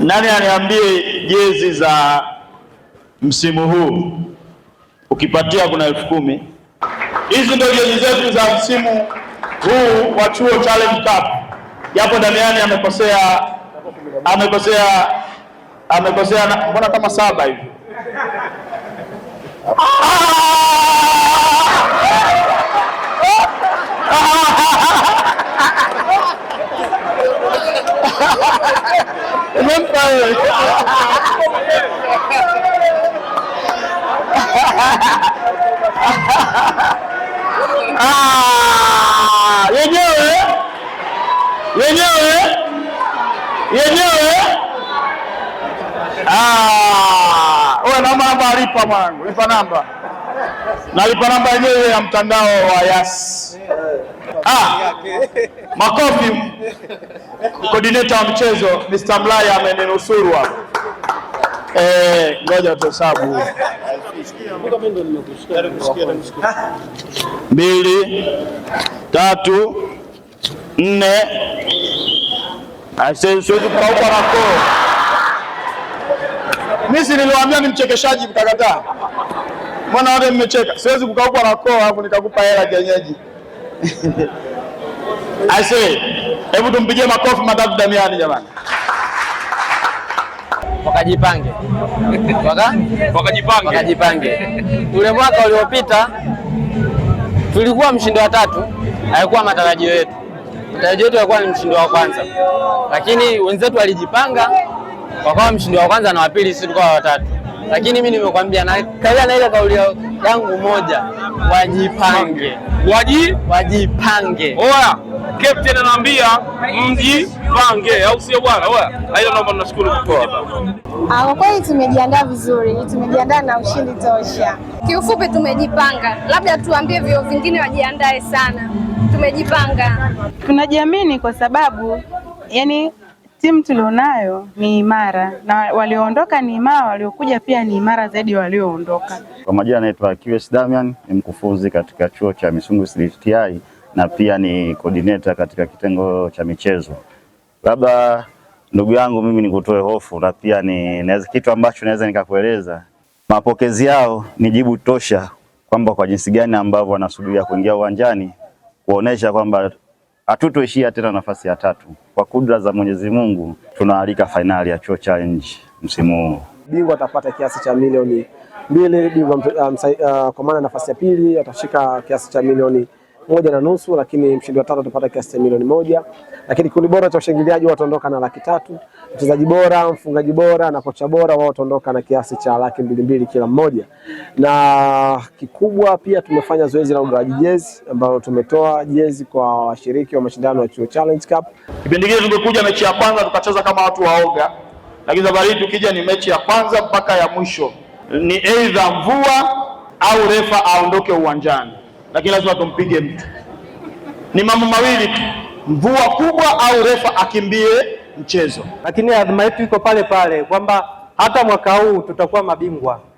Nani aniambie jezi za msimu huu ukipatia kuna elfu kumi. Hizi ndio jezi zetu za msimu huu wa Chuo Challenge Cup, japo Damiani amekosea amekosea amekosea, mbona kama saba hivi Nimempa wewe yenyewe yenyewe yenyewe. Ah, wewe naomba namba alipa mwanangu, lipa namba, nalipa namba yenyewe ya mtandao wa Yas. Ah! makofi. Coordinator wa mchezo Mr. Mlaya ameninusuru hapa. Eh, ngoja tuhesabu mbili, tatu, nne. Siwezi kukauka na koo. niliwaambia ni mchekeshaji, mkakataa. Mbona wote mmecheka? Siwezi kukauka na koo, alafu nikakupa hela kienyeji. Ase, hebu tumpigie makofi matatu Damiani jamani. Wakajipange Waka? Wakajipange. Wakajipange. Ule mwaka uliopita tulikuwa mshindi wa tatu, haikuwa matarajio yetu. Matarajio yetu yalikuwa ni mshindi wa kwanza, lakini wenzetu walijipanga wakawa mshindi wa kwanza na wa pili, sisi tulikuwa watatu lakini mimi nimekwambia na kaia na ile kauli yangu moja, wajipange, waji wajipange. Oya, captain anaambia mjipange, au sio bwana? Oya, hayo naomba, tunashukuru ah, kwa kweli. Tumejiandaa vizuri, tumejiandaa na ushindi tosha. Kiufupi tumejipanga, labda tuambie vio vingine wajiandae sana. Tumejipanga, tunajiamini kwa sababu yani timu tulionayo ni imara na walioondoka ni imara, waliokuja pia ni imara zaidi walioondoka. Kwa majina anaitwa QS Damian, ni mkufunzi katika chuo cha Misungwi CDTI na pia ni coordinator katika kitengo cha michezo. Labda ndugu yangu, mimi nikutoe hofu na pia ni naweza kitu ambacho naweza nikakueleza, mapokezi yao ni jibu tosha kwamba kwa jinsi gani ambavyo wanasubiria kuingia uwanjani kuonesha kwamba Hatutoishia tena nafasi ya tatu, kwa kudra za Mwenyezi Mungu tunaalika fainali ya Chuo Challenge msimu huu. Bingwa atapata kiasi cha milioni mbili, bingwa um, uh, kwa maana nafasi ya pili atashika kiasi cha milioni moja na nusu, lakini mshindi wa tatu atapata kiasi cha milioni moja. Lakini kundi bora cha ushangiliaji wataondoka na laki tatu, mchezaji bora, mfungaji bora na kocha bora wao wataondoka na kiasi cha laki mbili mbili kila mmoja. Na kikubwa pia tumefanya zoezi la ugawaji jezi ambalo tumetoa jezi kwa washiriki wa mashindano ya Chuo Challenge Cup. Kipindi kile tungekuja mechi ya kwanza tukacheza kama watu waoga, lakini safari hii tukija ni mechi ya kwanza mpaka ya mwisho, ni aidha mvua au refa aondoke uwanjani lakini lazima tumpige mtu. Ni mambo mawili tu, mvua kubwa au refa akimbie mchezo. Lakini adhima yetu iko pale pale kwamba hata mwaka huu tutakuwa mabingwa.